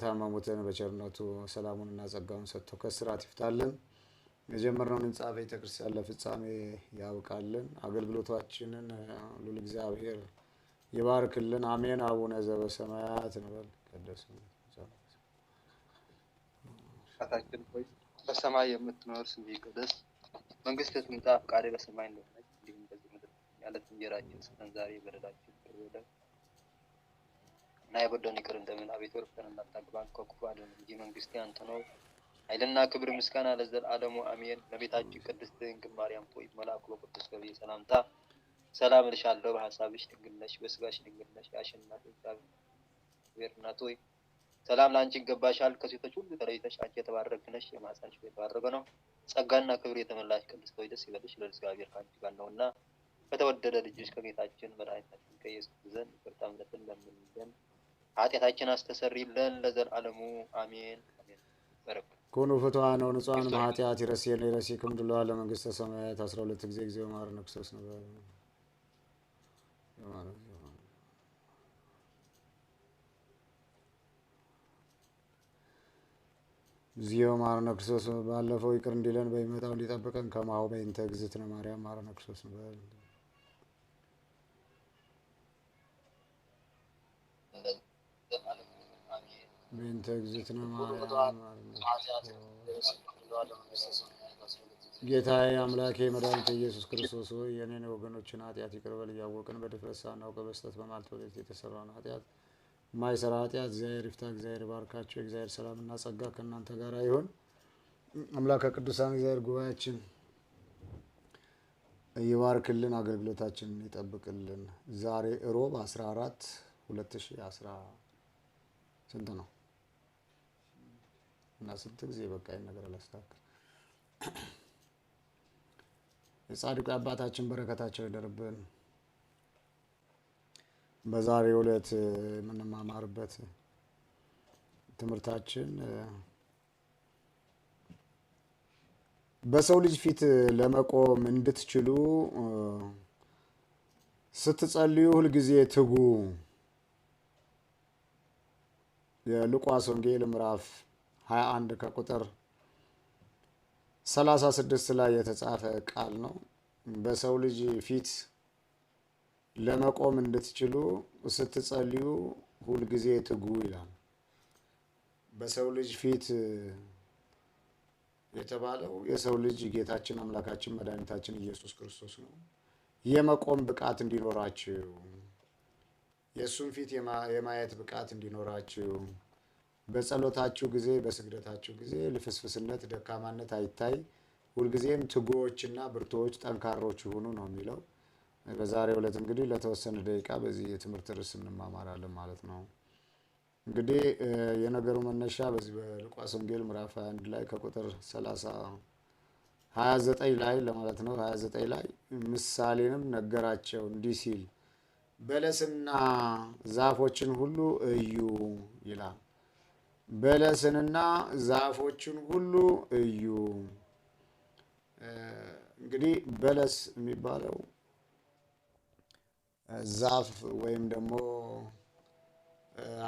ውጤታማ ሞተን ሰላሙን እና ጸጋውን ሰጥቶ ከስራት ይፍታልን። የጀመርነውን ህንፃ ቤተክርስቲያን ለፍጻሜ ያብቃልን። አገልግሎታችንን ሉል እግዚአብሔር ይባርክልን። አሜን። አቡነ ዘበሰማያት እንበል። ቀደሱ ታችን ሆይ በሰማይ የምትኖር ስምህ ይቀደስ፣ መንግስትህ ትምጣ፣ ፈቃድህ በሰማይ እንደሆነች እንዲሁም በዚህ ምድር ያለት እንጀራችን ስጠን ዛሬ በደላችንን ይቅር በለን እና የበደን ይቅር እንደምን አቤት ወርፈን እናታግባን ከክፉ አድነን እንጂ መንግስት ያንተ ነው፣ ኃይልና ክብር ምስጋና ለዘላለሙ አሜን። እመቤታችን ቅድስት ድንግል ማርያም ሆይ መልአኩ በቅዱስ ገብርኤል ሰላምታ ሰላም እልሻለሁ፣ በሀሳብሽ ድንግል ነሽ፣ በስጋሽ ድንግል ነሽ። የአሸናፊ እግዚአብሔር እናት ሆይ ሰላም ለአንቺ ይገባሻል። ከሴቶች ሁሉ ተለይተሽ አንቺ የተባረክሽ ነሽ፣ የማኅፀንሽ ፍሬ የተባረከ ነው። ጸጋና ክብር የተመላሽ ቅድስት ሆይ ደስ ይበልሽ፣ ልዑል እግዚአብሔር ከአንቺ ጋር ነውና ከተወደደ ልጅሽ ከጌታችን መድኃኒታችን ከኢየሱስ ዘንድ ይቅርታን ለምኝልን ኃጢአታችን አስተሰሪለን ለዘላለሙ አሜን። ኮኑ ፍትሐነ ንጹሐን ኃጢአት ይረሴን ይረሲክም ድሎ ለመንግስተ ሰማያት አስራ ሁለት ጊዜ ጊዜ ማር ነክሰስ ነው እዚዮ ማረነ ክርስቶስ ባለፈው ይቅር እንዲለን በሚመጣው እንዲጠብቀን ከማሁ በእንተ እግዝእትነ ማርያም ማረነ ክርስቶስ ንበል። በእንተ እግዝእትነ ማርያም ጌታዬ አምላኬ መድኃኒቴ ኢየሱስ ክርስቶስ ሆይ የእኔን ወገኖችን ኃጢአት ይቅር በል እያወቅን በድፍረት ሳናውቅ በስህተት በማለት ወደፊት የተሰራውን ኃጢአት ማይሰራ ኃጢአት እግዚአብሔር ይፍታ። እግዚአብሔር ባርካቸው። የእግዚአብሔር ሰላምና ጸጋ ከእናንተ ጋር ይሆን። አምላከ ቅዱሳን እግዚአብሔር ጉባኤያችን ይባርክልን፣ አገልግሎታችን ይጠብቅልን። ዛሬ እሮብ አስራ አራት ሁለት ሺህ አስራ ስንት ነው? እና ስንት ጊዜ በቃ ይህን ነገር አላስተካክል። የጻድቁ አባታችን በረከታቸው ይደርብን። በዛሬ ዕለት የምንማማርበት ትምህርታችን በሰው ልጅ ፊት ለመቆም እንድትችሉ ስትጸልዩ ሁልጊዜ ትጉ። የሉቃስ ወንጌል ምዕራፍ 21 ከቁጥር 36 ላይ የተጻፈ ቃል ነው። በሰው ልጅ ፊት ለመቆም እንድትችሉ ስትጸልዩ ሁልጊዜ ትጉ ይላል። በሰው ልጅ ፊት የተባለው የሰው ልጅ ጌታችን አምላካችን መድኃኒታችን ኢየሱስ ክርስቶስ ነው። የመቆም ብቃት እንዲኖራችሁ የእሱን ፊት የማየት ብቃት እንዲኖራችሁ በጸሎታችሁ ጊዜ በስግደታችሁ ጊዜ ልፍስፍስነት፣ ደካማነት አይታይ። ሁልጊዜም ትጉዎችና ብርቶዎች ጠንካሮች ይሁኑ ነው የሚለው። በዛሬ ዕለት እንግዲህ ለተወሰነ ደቂቃ በዚህ የትምህርት ርዕስ እንማማራለን ማለት ነው። እንግዲህ የነገሩ መነሻ በዚህ በሉቃስ ወንጌል ምዕራፍ 21 ላይ ከቁጥር 30 29 ላይ ለማለት ነው 29 ላይ ምሳሌንም ነገራቸው እንዲህ ሲል በለስና ዛፎችን ሁሉ እዩ ይላል። በለስንና ዛፎችን ሁሉ እዩ። እንግዲህ በለስ የሚባለው ዛፍ ወይም ደግሞ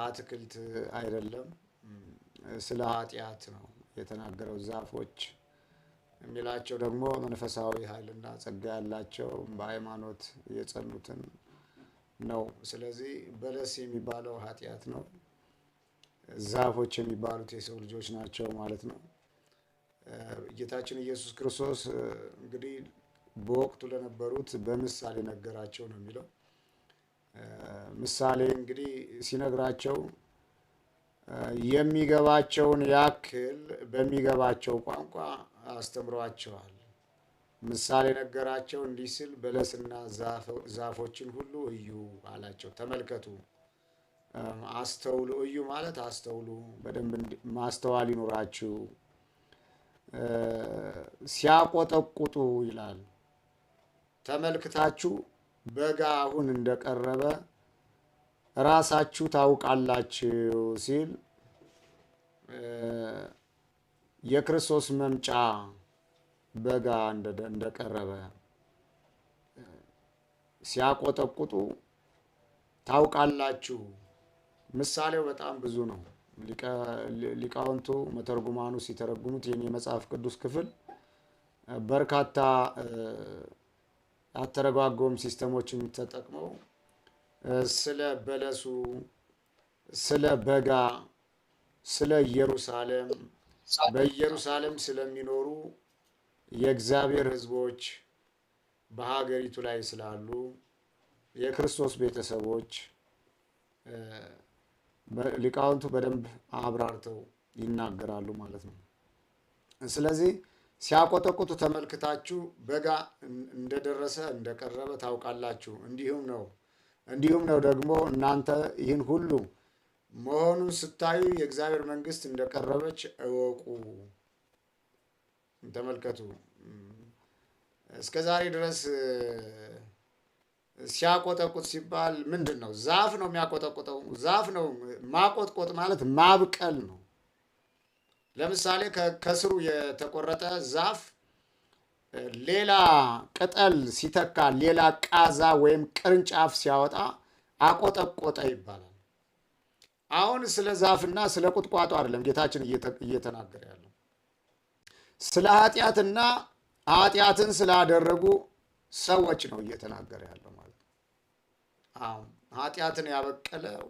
አትክልት አይደለም፣ ስለ ኃጢአት ነው የተናገረው። ዛፎች የሚላቸው ደግሞ መንፈሳዊ ኃይልና ጸጋ ያላቸው በሃይማኖት የጸኑትን ነው። ስለዚህ በለስ የሚባለው ኃጢአት ነው። ዛፎች የሚባሉት የሰው ልጆች ናቸው ማለት ነው። ጌታችን ኢየሱስ ክርስቶስ እንግዲህ በወቅቱ ለነበሩት በምሳሌ ነገራቸው ነው የሚለው። ምሳሌ እንግዲህ ሲነግራቸው የሚገባቸውን ያክል በሚገባቸው ቋንቋ አስተምሯቸዋል። ምሳሌ ነገራቸው እንዲህ ሲል በለስና ዛፎችን ሁሉ እዩ አላቸው፣ ተመልከቱ አስተውሉ። እዩ ማለት አስተውሉ፣ በደንብ ማስተዋል ይኑራችሁ። ሲያቆጠቁጡ ይላል። ተመልክታችሁ በጋ አሁን እንደቀረበ ራሳችሁ ታውቃላችሁ ሲል የክርስቶስ መምጫ በጋ እንደቀረበ ሲያቆጠቁጡ ታውቃላችሁ። ምሳሌው በጣም ብዙ ነው። ሊቃውንቱ መተርጉማኑ ሲተረጉሙት ይህን የመጽሐፍ ቅዱስ ክፍል በርካታ አተረጓጎም ሲስተሞችን ተጠቅመው ስለ በለሱ፣ ስለ በጋ፣ ስለ ኢየሩሳሌም በኢየሩሳሌም ስለሚኖሩ የእግዚአብሔር ሕዝቦች በሀገሪቱ ላይ ስላሉ የክርስቶስ ቤተሰቦች ሊቃውንቱ በደንብ አብራርተው ይናገራሉ ማለት ነው። ስለዚህ ሲያቆጠቁጡ ተመልክታችሁ በጋ እንደደረሰ እንደቀረበ ታውቃላችሁ። እንዲሁም ነው እንዲሁም ነው ደግሞ እናንተ ይህን ሁሉ መሆኑን ስታዩ የእግዚአብሔር መንግስት እንደቀረበች እወቁ። ተመልከቱ። እስከ ዛሬ ድረስ ሲያቆጠቁጥ ሲባል ምንድን ነው? ዛፍ ነው የሚያቆጠቁጠው። ዛፍ ነው ማቆጥቆጥ ማለት ማብቀል ነው። ለምሳሌ ከስሩ የተቆረጠ ዛፍ ሌላ ቅጠል ሲተካ ሌላ ቃዛ ወይም ቅርንጫፍ ሲያወጣ አቆጠቆጠ ይባላል። አሁን ስለ ዛፍና ስለ ቁጥቋጦ አይደለም ጌታችን እየተናገረ ያለው ስለ ኃጢአትና ኃጢአትን ስላደረጉ ሰዎች ነው እየተናገረ ያለው ማለት ነው። ኃጢአትን ያበቀለው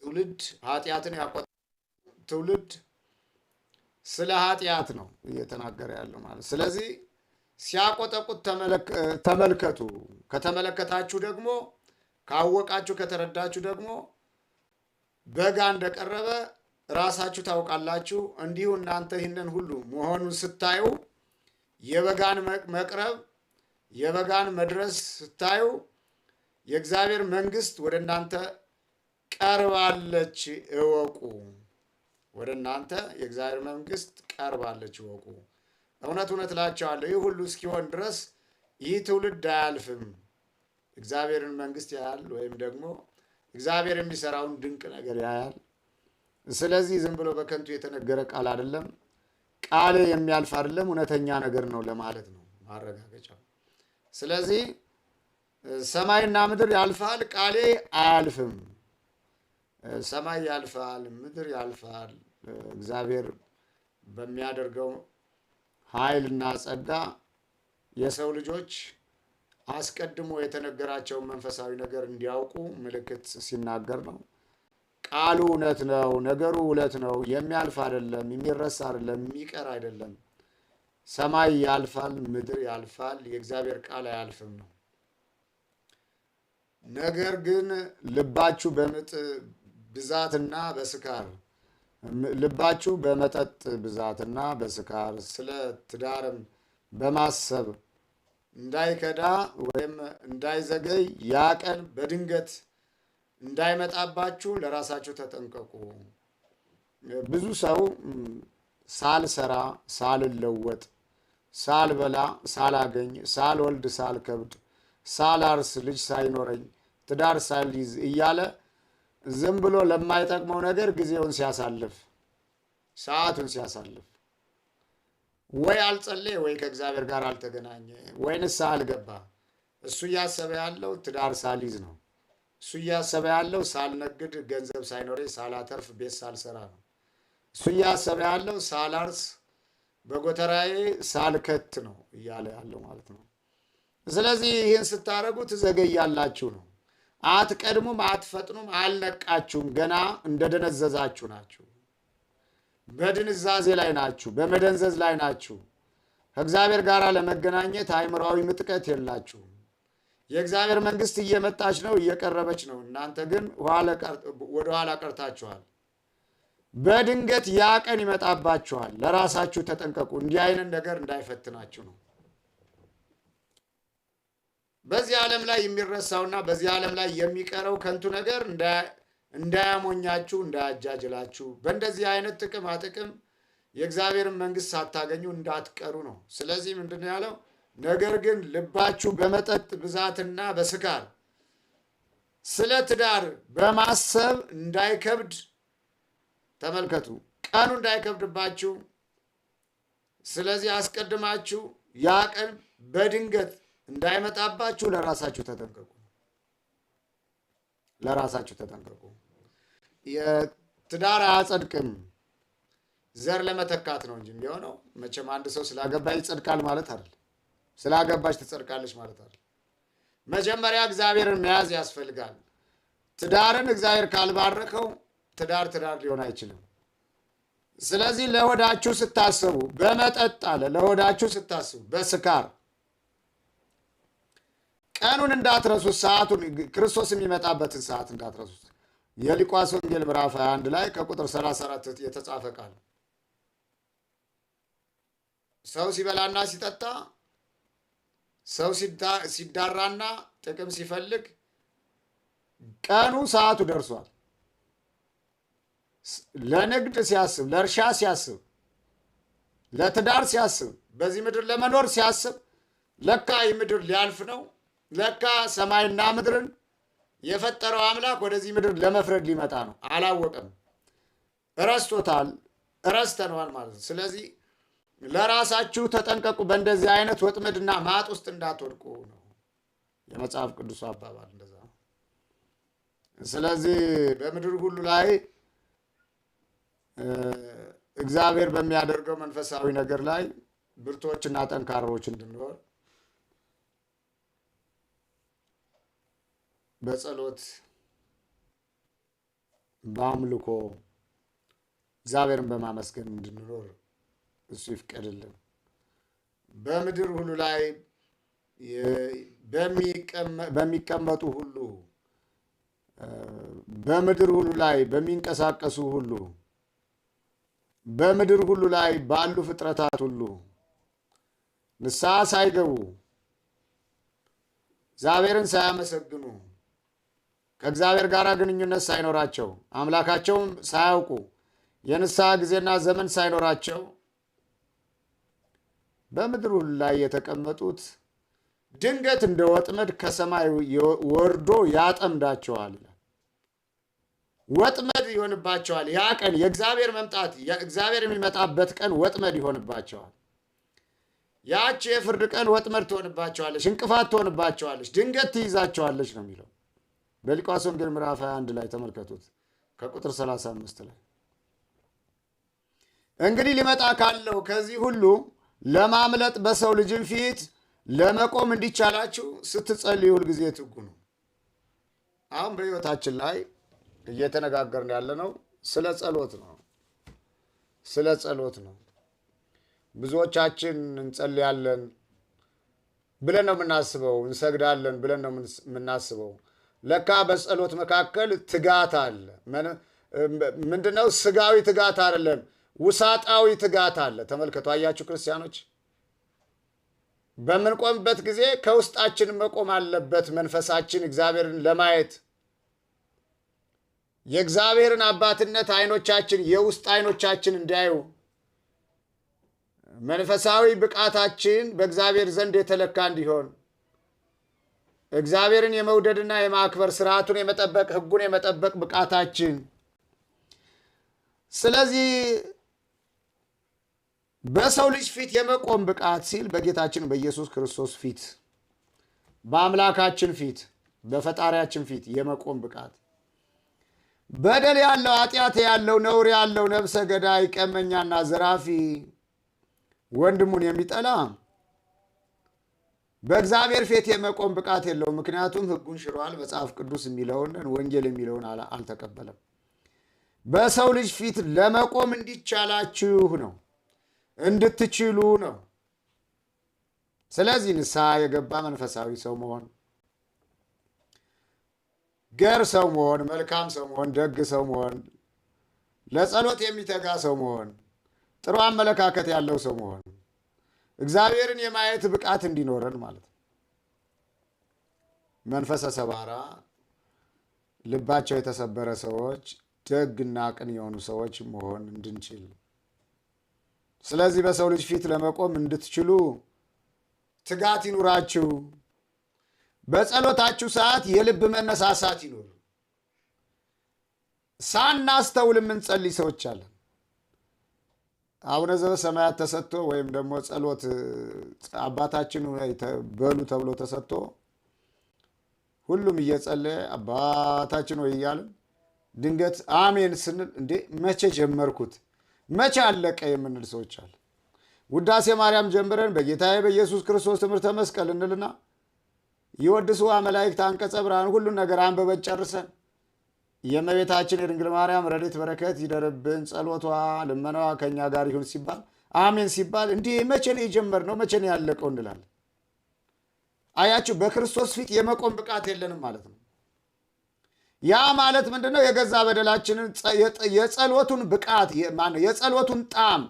ትውልድ ኃጢአትን ያቆ ትውልድ ስለ ኃጢአት ነው እየተናገረ ያለው ማለት ስለዚህ ሲያቆጠቁት ተመልከቱ። ከተመለከታችሁ ደግሞ ካወቃችሁ ከተረዳችሁ ደግሞ በጋ እንደቀረበ ራሳችሁ ታውቃላችሁ። እንዲሁ እናንተ ይህንን ሁሉ መሆኑን ስታዩ የበጋን መቅረብ የበጋን መድረስ ስታዩ የእግዚአብሔር መንግስት ወደ እናንተ ቀርባለች እወቁ። ወደ እናንተ የእግዚአብሔር መንግስት ቀርባለች እወቁ። እውነት እውነት እላቸዋለሁ ይህ ሁሉ እስኪሆን ድረስ ይህ ትውልድ አያልፍም። እግዚአብሔርን መንግስት ያያል፣ ወይም ደግሞ እግዚአብሔር የሚሰራውን ድንቅ ነገር ያያል። ስለዚህ ዝም ብሎ በከንቱ የተነገረ ቃል አይደለም። ቃል የሚያልፍ አይደለም፣ እውነተኛ ነገር ነው ለማለት ነው ማረጋገጫው። ስለዚህ ሰማይና ምድር ያልፋል፣ ቃሌ አያልፍም። ሰማይ ያልፋል፣ ምድር ያልፋል። እግዚአብሔር በሚያደርገው ኃይልና ጸጋ የሰው ልጆች አስቀድሞ የተነገራቸውን መንፈሳዊ ነገር እንዲያውቁ ምልክት ሲናገር ነው። ቃሉ እውነት ነው፣ ነገሩ እውነት ነው። የሚያልፍ አይደለም፣ የሚረሳ አይደለም፣ የሚቀር አይደለም። ሰማይ ያልፋል፣ ምድር ያልፋል፣ የእግዚአብሔር ቃል አያልፍም ነው። ነገር ግን ልባችሁ በምጥ ብዛትና በስካር ልባችሁ በመጠጥ ብዛትና በስካር ስለ ትዳርም በማሰብ እንዳይከዳ ወይም እንዳይዘገይ ያ ቀን በድንገት እንዳይመጣባችሁ ለራሳችሁ ተጠንቀቁ። ብዙ ሰው ሳልሰራ ሳልለወጥ ሳልበላ ሳላገኝ ሳልወልድ ሳልከብድ ሳላርስ ልጅ ሳይኖረኝ ትዳር ሳልይዝ እያለ ዝም ብሎ ለማይጠቅመው ነገር ጊዜውን ሲያሳልፍ ሰዓቱን ሲያሳልፍ ወይ አልጸለየ ወይ ከእግዚአብሔር ጋር አልተገናኘ ወይ ንስሐ አልገባ። እሱ እያሰበ ያለው ትዳር ሳልይዝ ነው። እሱ እያሰበ ያለው ሳልነግድ ገንዘብ ሳይኖረኝ ሳላተርፍ ቤት ሳልሰራ ነው። እሱ እያሰበ ያለው ሳላርስ በጎተራዬ ሳልከት ነው እያለ ያለው ማለት ነው። ስለዚህ ይህን ስታደረጉ ትዘገያላችሁ ነው። አትቀድሙም፣ አትፈጥኑም፣ አልነቃችሁም። ገና እንደደነዘዛችሁ ናችሁ። በድንዛዜ ላይ ናችሁ፣ በመደንዘዝ ላይ ናችሁ። ከእግዚአብሔር ጋር ለመገናኘት አይምራዊ ምጥቀት የላችሁም። የእግዚአብሔር መንግስት እየመጣች ነው፣ እየቀረበች ነው። እናንተ ግን ወደኋላ ቀርታችኋል። በድንገት ያ ቀን ይመጣባችኋል። ለራሳችሁ ተጠንቀቁ፣ እንዲህ አይነት ነገር እንዳይፈትናችሁ ነው። በዚህ ዓለም ላይ የሚረሳውና በዚህ ዓለም ላይ የሚቀረው ከንቱ ነገር እንዳያሞኛችሁ፣ እንዳያጃጅላችሁ በእንደዚህ አይነት ጥቅማ ጥቅም የእግዚአብሔርን መንግስት ሳታገኙ እንዳትቀሩ ነው። ስለዚህ ምንድን ያለው ነገር ግን ልባችሁ በመጠጥ ብዛትና በስካር ስለ ትዳር በማሰብ እንዳይከብድ ተመልከቱ፣ ቀኑ እንዳይከብድባችሁ። ስለዚህ አስቀድማችሁ ያ ቀን በድንገት እንዳይመጣባችሁ ለራሳችሁ ተጠንቀቁ፣ ለራሳችሁ ተጠንቀቁ። የትዳር አያጸድቅም ዘር ለመተካት ነው እንጂ የሚሆነው መቼም አንድ ሰው ስላገባ ይጸድቃል ማለት አይደል፣ ስላገባች ትጸድቃለች ማለት አይደል። መጀመሪያ እግዚአብሔርን መያዝ ያስፈልጋል። ትዳርን እግዚአብሔር ካልባረከው ትዳር ትዳር ሊሆን አይችልም። ስለዚህ ለሆዳችሁ ስታስቡ በመጠጥ አለ ለሆዳችሁ ስታስቡ በስካር ቀኑን እንዳትረሱት፣ ሰዓቱን ክርስቶስ የሚመጣበትን ሰዓት እንዳትረሱት። የሉቃስ ወንጌል ምዕራፍ 21 ላይ ከቁጥር 34 የተጻፈ ቃል ሰው ሲበላና ሲጠጣ፣ ሰው ሲዳራና ጥቅም ሲፈልግ ቀኑ ሰዓቱ ደርሷል። ለንግድ ሲያስብ፣ ለእርሻ ሲያስብ፣ ለትዳር ሲያስብ፣ በዚህ ምድር ለመኖር ሲያስብ ለካ ይህ ምድር ሊያልፍ ነው፣ ለካ ሰማይና ምድርን የፈጠረው አምላክ ወደዚህ ምድር ለመፍረድ ሊመጣ ነው። አላወቀም፣ እረስቶታል፣ እረስተነዋል ማለት ነው። ስለዚህ ለራሳችሁ ተጠንቀቁ፣ በእንደዚህ አይነት ወጥመድና ማጥ ውስጥ እንዳትወድቁ ነው የመጽሐፍ ቅዱሱ አባባል እንደዛ ነው። ስለዚህ በምድር ሁሉ ላይ እግዚአብሔር በሚያደርገው መንፈሳዊ ነገር ላይ እና ጠንካሮች እንድንሆን በጸሎት በአምልኮ እግዚአብሔርን በማመስገን እንድንኖር እሱ ይፍቀድልን። በምድር ሁሉ ላይ በሚቀመጡ ሁሉ በምድር ሁሉ ላይ በሚንቀሳቀሱ ሁሉ በምድር ሁሉ ላይ ባሉ ፍጥረታት ሁሉ ንስሐ ሳይገቡ እግዚአብሔርን ሳያመሰግኑ ከእግዚአብሔር ጋር ግንኙነት ሳይኖራቸው አምላካቸውም ሳያውቁ የንስሐ ጊዜና ዘመን ሳይኖራቸው በምድር ሁሉ ላይ የተቀመጡት ድንገት እንደ ወጥመድ ከሰማይ ወርዶ ያጠምዳቸዋል። ወጥመድ ይሆንባቸዋል። ያ ቀን የእግዚአብሔር መምጣት እግዚአብሔር የሚመጣበት ቀን ወጥመድ ይሆንባቸዋል። ያች የፍርድ ቀን ወጥመድ ትሆንባቸዋለች፣ እንቅፋት ትሆንባቸዋለች፣ ድንገት ትይዛቸዋለች ነው የሚለው በሉቃስ ወንጌል ምዕራፍ 21 ላይ ተመልከቱት ከቁጥር 35 ላይ እንግዲህ ሊመጣ ካለው ከዚህ ሁሉ ለማምለጥ በሰው ልጅም ፊት ለመቆም እንዲቻላችሁ ስትጸልዩ ሁልጊዜ ትጉ ነው። አሁን በሕይወታችን ላይ እየተነጋገርን ያለ ነው ስለ ጸሎት ነው። ስለ ጸሎት ነው። ብዙዎቻችን እንጸልያለን ብለን ነው የምናስበው፣ እንሰግዳለን ብለን ነው የምናስበው። ለካ በጸሎት መካከል ትጋት አለ። ምንድነው? ስጋዊ ትጋት አይደለም፣ ውሳጣዊ ትጋት አለ። ተመልከቱ፣ አያችሁ ክርስቲያኖች፣ በምንቆምበት ጊዜ ከውስጣችን መቆም አለበት። መንፈሳችን እግዚአብሔርን ለማየት የእግዚአብሔርን አባትነት አይኖቻችን የውስጥ አይኖቻችን እንዲያዩ መንፈሳዊ ብቃታችን በእግዚአብሔር ዘንድ የተለካ እንዲሆን እግዚአብሔርን የመውደድና የማክበር ስርዓቱን የመጠበቅ ሕጉን የመጠበቅ ብቃታችን። ስለዚህ በሰው ልጅ ፊት የመቆም ብቃት ሲል በጌታችን በኢየሱስ ክርስቶስ ፊት፣ በአምላካችን ፊት፣ በፈጣሪያችን ፊት የመቆም ብቃት በደል ያለው ኃጢአት ያለው ነውር ያለው ነብሰ ገዳይ ቀመኛና ዘራፊ ወንድሙን የሚጠላ በእግዚአብሔር ፊት የመቆም ብቃት የለውም። ምክንያቱም ሕጉን ሽሯል። መጽሐፍ ቅዱስ የሚለውን ወንጌል የሚለውን አልተቀበለም። በሰው ልጅ ፊት ለመቆም እንዲቻላችሁ ነው፣ እንድትችሉ ነው። ስለዚህ ንስሐ የገባ መንፈሳዊ ሰው መሆን ገር ሰው መሆን፣ መልካም ሰው መሆን፣ ደግ ሰው መሆን፣ ለጸሎት የሚተጋ ሰው መሆን፣ ጥሩ አመለካከት ያለው ሰው መሆን፣ እግዚአብሔርን የማየት ብቃት እንዲኖረን ማለት ነው። መንፈሰ ሰባራ ልባቸው የተሰበረ ሰዎች ደግና ቅን የሆኑ ሰዎች መሆን እንድንችል ስለዚህ በሰው ልጅ ፊት ለመቆም እንድትችሉ ትጋት ይኑራችሁ። በጸሎታችሁ ሰዓት የልብ መነሳሳት ይኖር። ሳናስተውል የምንጸልይ ሰዎች አለን። አቡነ ዘበሰማያት ተሰጥቶ ወይም ደግሞ ጸሎት አባታችን በሉ ተብሎ ተሰጥቶ ሁሉም እየጸለየ አባታችን ወይ እያልን ድንገት አሜን ስንል እንዴ መቼ ጀመርኩት መቼ አለቀ የምንል ሰዎች አለ። ውዳሴ ማርያም ጀምረን በጌታዬ በኢየሱስ ክርስቶስ ትምህርተ መስቀል እንልና ይወድሱ መላእክት አንቀጸ ብርሃን ሁሉን ነገር አንብበን ጨርሰን የእመቤታችን የድንግል ማርያም ረድኤት በረከት ይደርብን፣ ጸሎቷ ልመናዋ ከእኛ ጋር ይሁን ሲባል አሜን ሲባል እንዲህ መቼ ነው የጀመርነው መቼ ነው ያለቀው እንላለን። አያችሁ፣ በክርስቶስ ፊት የመቆም ብቃት የለንም ማለት ነው። ያ ማለት ምንድነው የገዛ በደላችንን የጸሎቱን ብቃት የጸሎቱን ጣዕም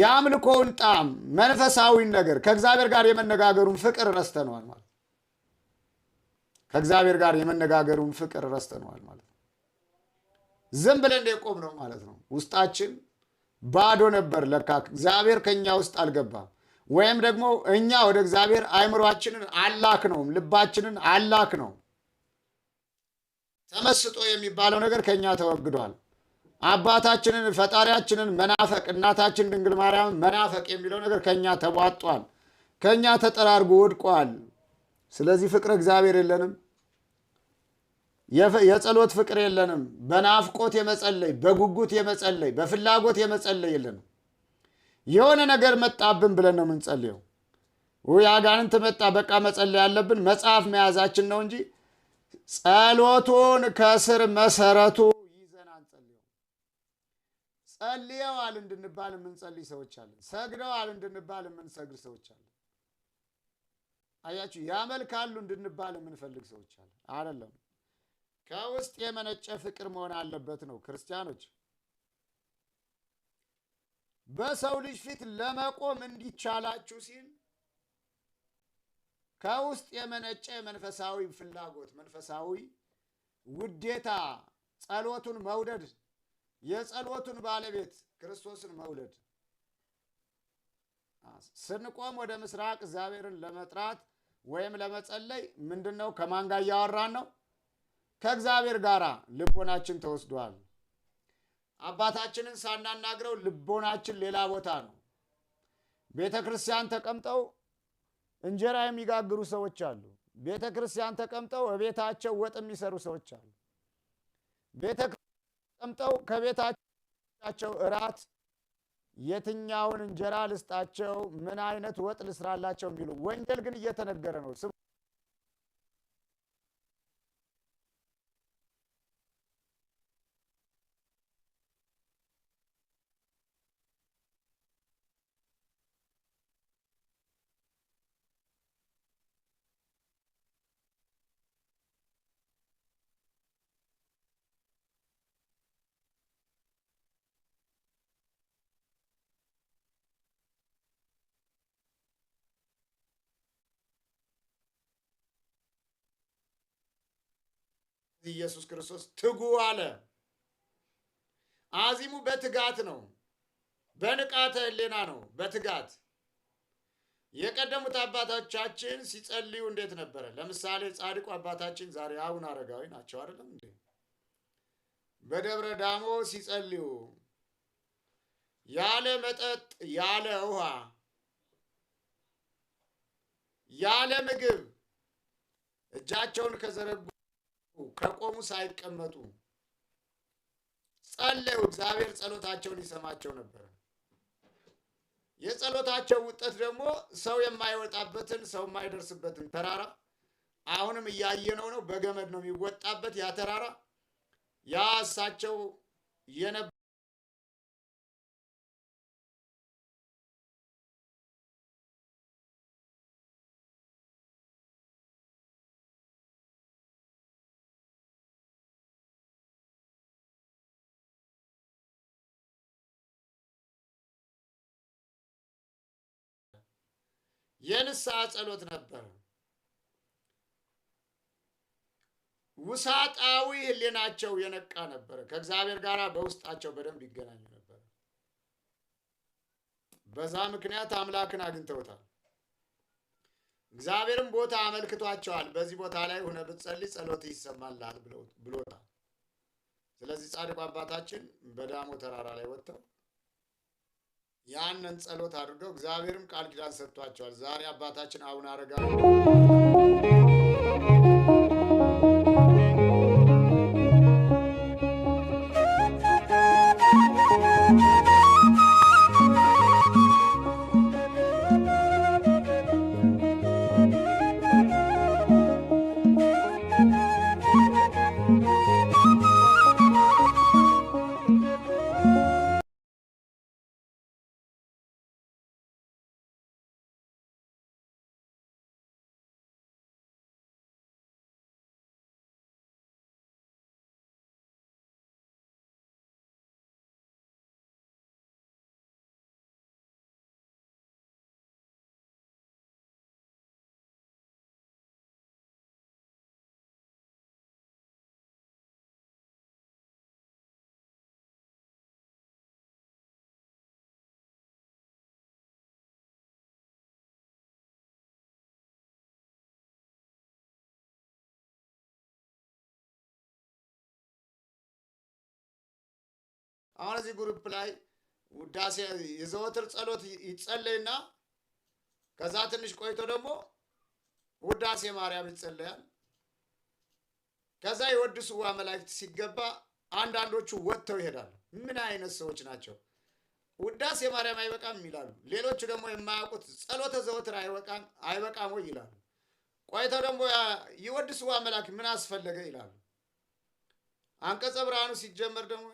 የአምልኮውን ጣዕም መንፈሳዊን ነገር ከእግዚአብሔር ጋር የመነጋገሩን ፍቅር ረስተነዋል ማለት ከእግዚአብሔር ጋር የመነጋገሩን ፍቅር ረስተነዋል ማለት ነው። ዝም ብለን የቆም ነው ማለት ነው። ውስጣችን ባዶ ነበር ለካ እግዚአብሔር ከእኛ ውስጥ አልገባም፣ ወይም ደግሞ እኛ ወደ እግዚአብሔር አይምሯችንን አላክ ነውም ልባችንን አላክ ነው። ተመስጦ የሚባለው ነገር ከእኛ ተወግዷል። አባታችንን ፈጣሪያችንን መናፈቅ እናታችን ድንግል ማርያምን መናፈቅ የሚለው ነገር ከእኛ ተቧጧል፣ ከእኛ ተጠራርጎ ወድቋል። ስለዚህ ፍቅረ እግዚአብሔር የለንም፣ የጸሎት ፍቅር የለንም። በናፍቆት የመጸለይ በጉጉት የመጸለይ በፍላጎት የመጸለይ የለንም። የሆነ ነገር መጣብን ብለን ነው የምንጸልየው። ውይ አጋንንት መጣ፣ በቃ መጸለይ ያለብን መጽሐፍ መያዛችን ነው እንጂ ጸሎቱን ከስር መሰረቱ ጸልየዋል እንድንባል የምንጸልይ ሰዎች አለን። ሰግደዋል እንድንባል የምንሰግድ ሰዎች አለን። አያችሁ፣ ያመልካሉ እንድንባል የምንፈልግ ሰዎች አለን። አይደለም ከውስጥ የመነጨ ፍቅር መሆን አለበት ነው ክርስቲያኖች። በሰው ልጅ ፊት ለመቆም እንዲቻላችሁ ሲል ከውስጥ የመነጨ መንፈሳዊ ፍላጎት፣ መንፈሳዊ ውዴታ፣ ጸሎቱን መውደድ የጸሎቱን ባለቤት ክርስቶስን መውለድ ስንቆም ወደ ምስራቅ እግዚአብሔርን ለመጥራት ወይም ለመጸለይ ምንድን ነው? ከማን ጋር እያወራን ነው? ከእግዚአብሔር ጋር ልቦናችን ተወስዷል። አባታችንን ሳናናግረው ልቦናችን ሌላ ቦታ ነው። ቤተ ክርስቲያን ተቀምጠው እንጀራ የሚጋግሩ ሰዎች አሉ። ቤተ ክርስቲያን ተቀምጠው በቤታቸው ወጥ የሚሰሩ ሰዎች አሉ። ቤተ ጠምጠው ከቤታቸው እራት የትኛውን እንጀራ ልስጣቸው፣ ምን አይነት ወጥ ልስራላቸው የሚሉ ወንጌል ግን እየተነገረ ነው። ኢየሱስ ክርስቶስ ትጉ አለ። አዚሙ በትጋት ነው፣ በንቃተ ህሌና ነው። በትጋት የቀደሙት አባቶቻችን ሲጸልዩ እንዴት ነበረ? ለምሳሌ ጻድቁ አባታችን ዛሬ አቡነ አረጋዊ ናቸው አይደለም እንዴ? በደብረ ዳሞ ሲጸልዩ ያለ መጠጥ፣ ያለ ውሃ፣ ያለ ምግብ እጃቸውን ከዘረጉ ከቆሙ ሳይቀመጡ ጸለዩ። እግዚአብሔር ጸሎታቸውን ይሰማቸው ነበር። የጸሎታቸው ውጤት ደግሞ ሰው የማይወጣበትን ሰው የማይደርስበትን ተራራ አሁንም እያየነው ነው። በገመድ ነው የሚወጣበት ያ ተራራ ያ እሳቸው የነበ የንስሐ ጸሎት ነበር። ውሳጣዊ ህሊናቸው የነቃ ነበረ። ከእግዚአብሔር ጋር በውስጣቸው በደንብ ይገናኙ ነበር። በዛ ምክንያት አምላክን አግኝተውታል። እግዚአብሔርም ቦታ አመልክቷቸዋል። በዚህ ቦታ ላይ ሆነ ብትጸልይ ጸሎት ይሰማልሃል ብሎታል። ስለዚህ ጻድቁ አባታችን በዳሞ ተራራ ላይ ወጥተው ያንን ጸሎት አድርገው እግዚአብሔርም ቃል ኪዳን ሰጥቷቸዋል። ዛሬ አባታችን አቡነ አረጋ አሁን እዚህ ግሩፕ ላይ ውዳሴ የዘወትር ጸሎት ይጸለይና ከዛ ትንሽ ቆይቶ ደግሞ ውዳሴ ማርያም ይጸለያል። ከዛ የወድሱ ስዋ መላእክት ሲገባ አንዳንዶቹ ወጥተው ይሄዳሉ። ምን አይነት ሰዎች ናቸው? ውዳሴ ማርያም አይበቃም ይላሉ። ሌሎቹ ደግሞ የማያውቁት ጸሎተ ዘወትር አይበቃም ወይ ይላሉ። ቆይተው ደግሞ የወድሱ ዋ መልአክ ምን አስፈለገ ይላሉ። አንቀጸ ብርሃኑ ሲጀመር ደግሞ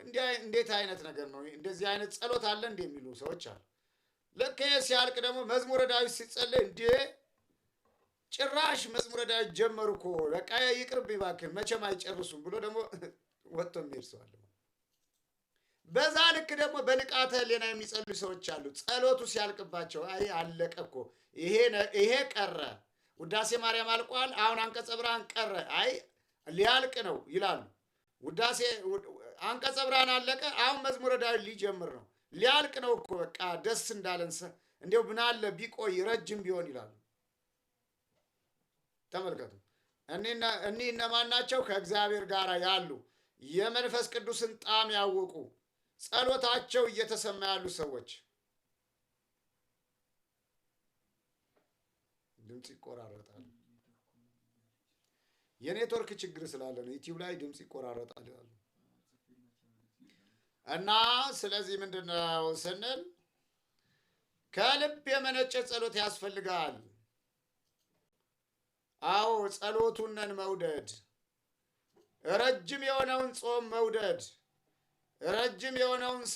እንዴት አይነት ነገር ነው? እንደዚህ አይነት ጸሎት አለ እንዲ የሚሉ ሰዎች አሉ። ልክ ሲያልቅ ደግሞ መዝሙረ ዳዊት ሲጸለይ እንዴ ጭራሽ መዝሙረ ዳዊት ጀመሩ እኮ በቃ ይቅርብ እባክህ መቼም አይጨርሱም ብሎ ደግሞ ወጥቶ የሚሄድ ሰው አለ። በዛ ልክ ደግሞ በንቃተ ሌና የሚጸሉ ሰዎች አሉ። ጸሎቱ ሲያልቅባቸው አይ አለቀ እኮ ይሄ ቀረ፣ ውዳሴ ማርያም አልቋል፣ አሁን አንቀጸ ብርሃን ቀረ፣ አይ ሊያልቅ ነው ይላሉ። ውዳሴ አንቀጸ ብርሃን አለቀ። አሁን መዝሙረ ዳዊት ሊጀምር ነው። ሊያልቅ ነው እኮ በቃ ደስ እንዳለን እንዲው ምናለ ቢቆይ ረጅም ቢሆን ይላሉ። ተመልከቱ። እኒህ እነማን ናቸው? ከእግዚአብሔር ጋር ያሉ የመንፈስ ቅዱስን ጣም ያወቁ ጸሎታቸው እየተሰማ ያሉ ሰዎች ድምፅ ይቆራረጥ የኔትወርክ ችግር ስላለ ነው። ዩቲዩብ ላይ ድምፅ ይቆራረጣል ይላሉ እና ስለዚህ ምንድን ነው ስንል ከልብ የመነጨ ጸሎት ያስፈልጋል። አዎ ጸሎቱነን መውደድ፣ ረጅም የሆነውን ጾም መውደድ፣ ረጅም የሆነውን